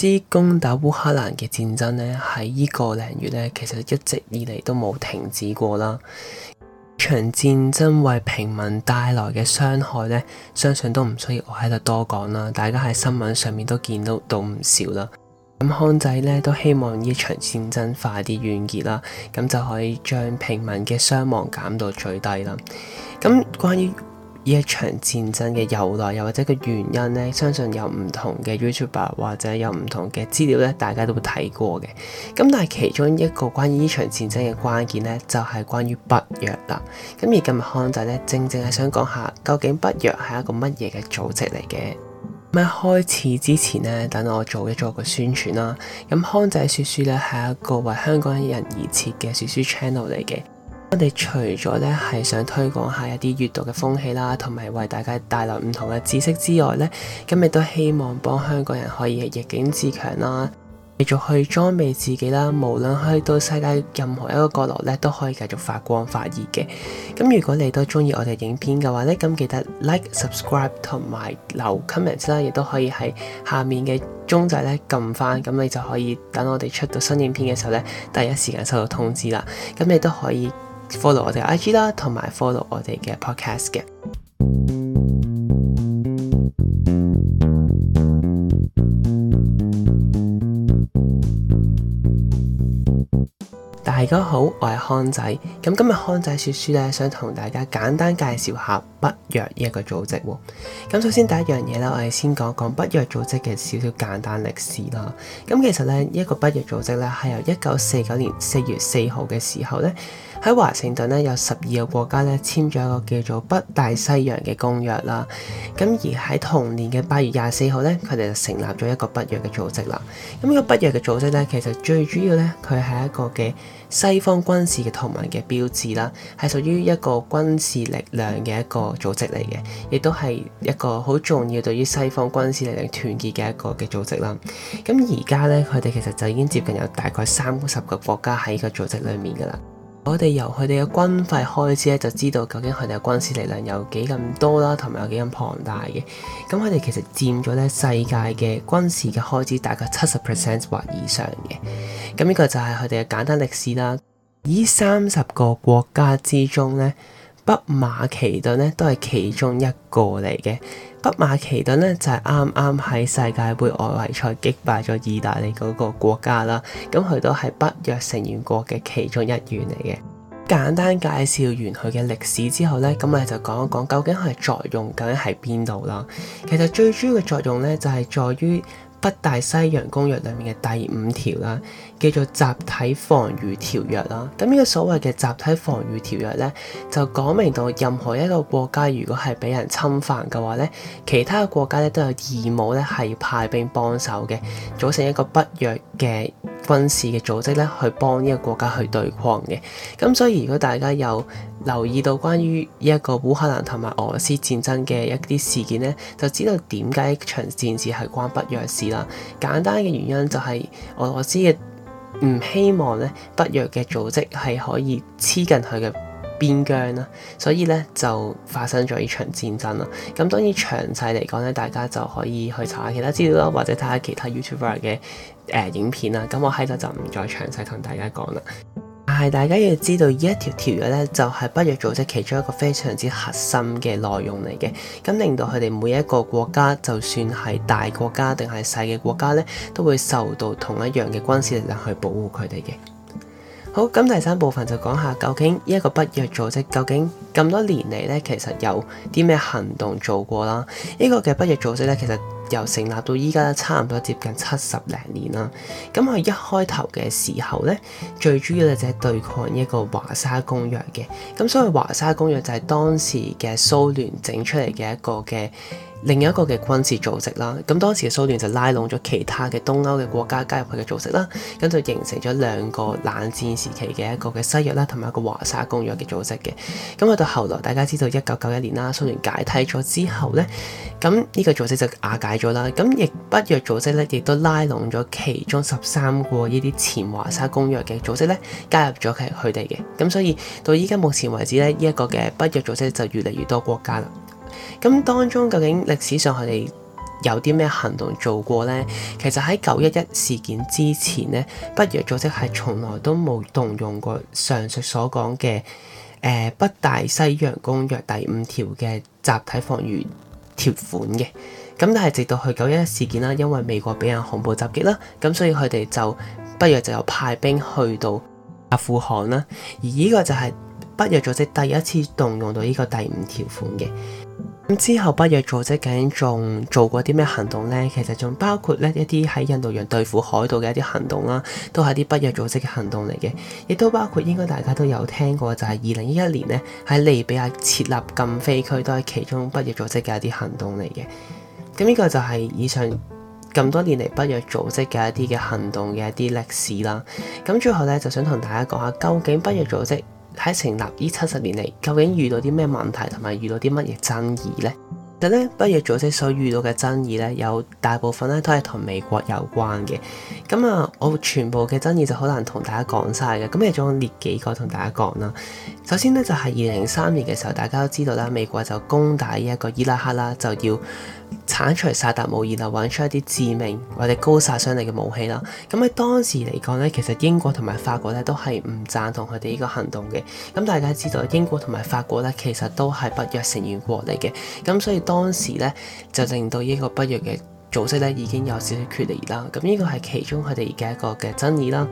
之攻打烏克蘭嘅戰爭呢，喺呢個零月呢，其實一直以嚟都冇停止過啦。場戰爭為平民帶來嘅傷害呢，相信都唔需要我喺度多講啦。大家喺新聞上面都見到到唔少啦。咁康仔呢，都希望呢場戰爭快啲完結啦，咁就可以將平民嘅傷亡減到最低啦。咁關於呢一場戰爭嘅由來，又或者個原因呢，相信有唔同嘅 YouTuber 或者有唔同嘅資料呢，大家都會睇過嘅。咁但係其中一個關於呢場戰爭嘅關鍵呢，就係、是、關於北約啦。咁而今日康仔呢，正正係想講下，究竟北約係一個乜嘢嘅組織嚟嘅？咁喺開始之前呢，等我做一做一個宣傳啦。咁康仔說書呢，係一個為香港人而設嘅說書 channel 嚟嘅。我哋除咗咧係想推廣下一啲閱讀嘅風氣啦，同埋為大家帶來唔同嘅知識之外咧，咁亦都希望幫香港人可以逆境自強啦，繼續去裝備自己啦，無論去到世界任何一個角落咧，都可以繼續發光發熱嘅。咁如果你都中意我哋影片嘅話咧，咁記得 like、subscribe 同埋留 comment 啦，亦都可以喺下面嘅鐘仔咧撳翻，咁你就可以等我哋出到新影片嘅時候咧，第一時間收到通知啦。咁你都可以。follow 我哋 IG 啦，同埋 follow 我哋嘅 podcast 嘅。大家好，我係康仔，咁今日康仔說書呢，想同大家簡單介紹下。北約呢一個組織喎，咁首先第一樣嘢咧，我哋先講講北約組織嘅少少簡單歷史啦。咁其實咧，呢一個北約組織咧係由一九四九年四月四號嘅時候咧，喺華盛頓咧有十二個國家咧簽咗一個叫做北大西洋嘅公約啦。咁而喺同年嘅八月廿四號咧，佢哋就成立咗一個北約嘅組織啦。咁呢個北約嘅組織咧，其實最主要咧，佢係一個嘅西方軍事同盟嘅標誌啦，係屬於一個軍事力量嘅一個。組織嚟嘅，亦都係一個好重要對於西方軍事力量團結嘅一個嘅組織啦。咁而家呢，佢哋其實就已經接近有大概三十個國家喺個組織裏面噶啦。我哋由佢哋嘅軍費開支咧，就知道究竟佢哋嘅軍事力量有幾咁多啦，同埋有幾咁龐大嘅。咁佢哋其實佔咗呢世界嘅軍事嘅開支大概七十 percent 或以上嘅。咁呢個就係佢哋嘅簡單歷史啦。以三十個國家之中呢。北馬其頓咧都係其中一個嚟嘅，北馬其頓咧就係啱啱喺世界盃外圍賽擊敗咗意大利嗰個國家啦，咁、嗯、佢都係北約成員國嘅其中一員嚟嘅。簡單介紹完佢嘅歷史之後咧，咁我就講一講究竟佢嘅作用，究竟喺邊度啦？其實最主要嘅作用咧就係、是、在於。北大西洋公約裏面嘅第五條啦，叫做集體防禦條約啦。咁呢個所謂嘅集體防禦條約咧，就講明到任何一個國家如果係俾人侵犯嘅話咧，其他國家咧都有義務咧係派兵幫手嘅，組成一個不弱嘅。軍事嘅組織咧，去幫呢個國家去對抗嘅。咁所以，如果大家有留意到關於呢一個烏克蘭同埋俄羅斯戰爭嘅一啲事件呢，就知道點解一場戰事係關北約事啦。簡單嘅原因就係、是、俄羅斯嘅唔希望咧，北約嘅組織係可以黐近佢嘅。邊疆啦，所以咧就發生咗呢場戰爭啦。咁當然詳細嚟講咧，大家就可以去查下其他資料啦，或者睇下其他 YouTuber 嘅誒、呃、影片啦。咁我喺度就唔再詳細同大家講啦。但係大家要知道，呢一條條約咧，就係北約組織其中一個非常之核心嘅內容嚟嘅。咁令到佢哋每一個國家，就算係大國家定係細嘅國家咧，都會受到同一樣嘅軍事力量去保護佢哋嘅。好，咁第三部分就講下究竟呢一個北約組織究竟咁多年嚟呢，其實有啲咩行動做過啦？呢、呢個嘅北約組織呢，其實由成立到依家咧，差唔多接近七十零年啦。咁佢一開頭嘅時候呢，最主要就係對抗呢一個華沙公約嘅。咁所謂華沙公約就係當時嘅蘇聯整出嚟嘅一個嘅。另一個嘅軍事組織啦，咁當時嘅蘇聯就拉攏咗其他嘅東歐嘅國家加入佢嘅組織啦，咁就形成咗兩個冷戰時期嘅一個嘅西約啦，同埋一個華沙公約嘅組織嘅。咁去到後來，大家知道一九九一年啦，蘇聯解體咗之後呢，咁呢個組織就瓦解咗啦。咁亦北約組織咧，亦都拉攏咗其中十三個呢啲前華沙公約嘅組織咧，加入咗佢哋嘅。咁所以到依家目前為止咧，依、這、一個嘅北約組織就越嚟越多國家啦。咁當中究竟歷史上佢哋有啲咩行動做過呢？其實喺九一一事件之前呢，北約組織係從來都冇動用過上述所講嘅、呃、《北大西洋公約》第五條嘅集體防禦條款嘅。咁但係直到去九一一事件啦，因為美國俾人恐怖襲擊啦，咁所以佢哋就北約就有派兵去到阿富汗啦。而呢個就係北約組織第一次動用到呢個第五條款嘅。咁之後，北約組織究竟仲做過啲咩行動呢？其實仲包括呢一啲喺印度洋對付海盜嘅一啲行動啦、啊，都係啲北約組織嘅行動嚟嘅。亦都包括應該大家都有聽過，就係二零一一年呢，喺利比亞設立禁飛區，都係其中北約組織嘅一啲行動嚟嘅。咁呢個就係以上咁多年嚟北約組織嘅一啲嘅行動嘅一啲歷史啦。咁最後呢，就想同大家講下，究竟北約組織喺成立呢七十年嚟，究竟遇到啲咩問題，同埋遇到啲乜嘢爭議呢？其實咧，北約組織所遇到嘅爭議咧，有大部分咧都係同美國有關嘅。咁啊，我全部嘅爭議就好難同大家講晒嘅。咁你仲列幾個同大家講啦。首先呢，就係二零零三年嘅時候，大家都知道啦，美國就攻打呢一個伊拉克啦，就要剷除薩達姆，然後揾出一啲致命或者高殺傷力嘅武器啦。咁喺當時嚟講呢，其實英國同埋法國呢都係唔贊同佢哋呢個行動嘅。咁大家知道英國同埋法國呢，其實都係北約成員國嚟嘅。咁所以當時咧就令到呢個北約嘅組織咧已經有少少決裂啦，咁呢個係其中佢哋嘅一個嘅爭議啦。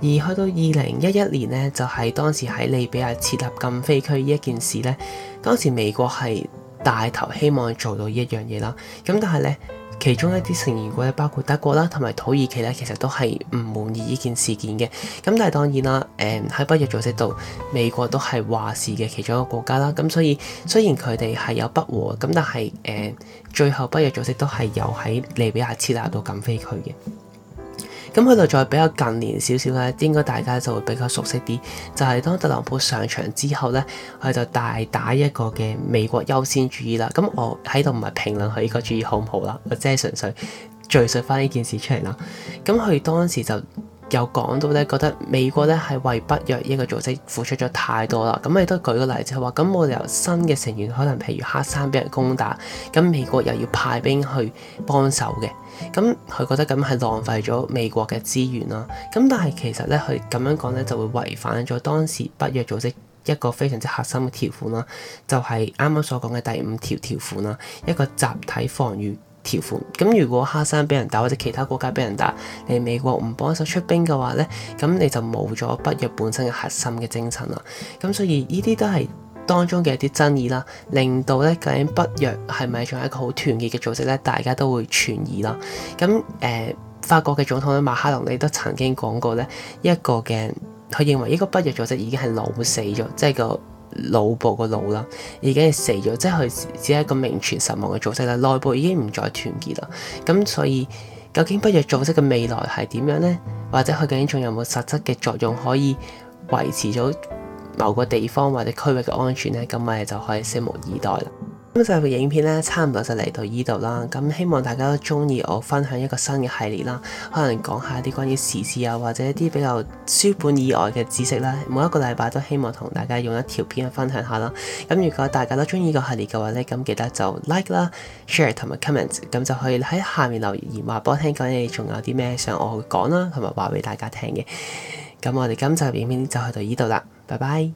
而去到二零一一年呢，就喺、是、當時喺利比亞設立禁飛區呢一件事呢。當時美國係帶頭希望做到呢一樣嘢啦，咁但係呢。其中一啲成員國咧，包括德國啦，同埋土耳其咧，其實都係唔滿意呢件事件嘅。咁但係當然啦，誒、嗯、喺北約組織度，美國都係話事嘅其中一個國家啦。咁、嗯、所以雖然佢哋係有不和，咁但係誒、嗯、最後北約組織都係由喺利比亞設立到禁飛區嘅。咁佢就再比較近年少少咧，應該大家就會比較熟悉啲。就係當特朗普上場之後咧，佢就大打一個嘅美國優先主義啦。咁我喺度唔係評論佢呢個主義好唔好啦，我只係純粹敍述翻呢件事出嚟啦。咁佢當時就又講到咧，覺得美國咧係為北約一個組織付出咗太多啦。咁亦都舉個例子話，咁冇理由新嘅成員，可能譬如黑山俾人攻打，咁美國又要派兵去幫手嘅。咁佢覺得咁係浪費咗美國嘅資源啦。咁但係其實咧，佢咁樣講咧就會違反咗當時北約組織一個非常之核心嘅條款啦，就係啱啱所講嘅第五條條款啦，一個集體防禦。條款咁，如果哈山畀人打或者其他國家畀人打，你美國唔幫手出兵嘅話呢，咁你就冇咗北約本身嘅核心嘅精神啦。咁所以呢啲都係當中嘅一啲爭議啦，令到呢，究竟北約係咪仲係一個好團結嘅組織呢？大家都會存疑啦。咁誒、呃，法國嘅總統咧馬克龍，你都曾經講過呢一個嘅，佢認為呢個北約組織已經係老死咗，即係個，內部個腦啦，已經係死咗，即係佢只係一個名存實亡嘅組織啦。內部已經唔再團結啦，咁所以究竟不約組織嘅未來係點樣呢？或者佢究竟仲有冇實質嘅作用可以維持咗某個地方或者區域嘅安全呢？咁咪就可以拭目以待啦。今集嘅影片咧，差唔多就嚟到依度啦。咁希望大家都中意我分享一個新嘅系列啦，可能講下啲關於時事啊，或者一啲比較書本以外嘅知識啦。每一個禮拜都希望同大家用一條片分享下啦。咁如果大家都中意個系列嘅話咧，咁記得就 like 啦，share 同埋 comment。咁就可以喺下面留言話，俾我聽講你仲有啲咩想我講啦，同埋話俾大家聽嘅。咁我哋今集影片就去到依度啦，拜拜。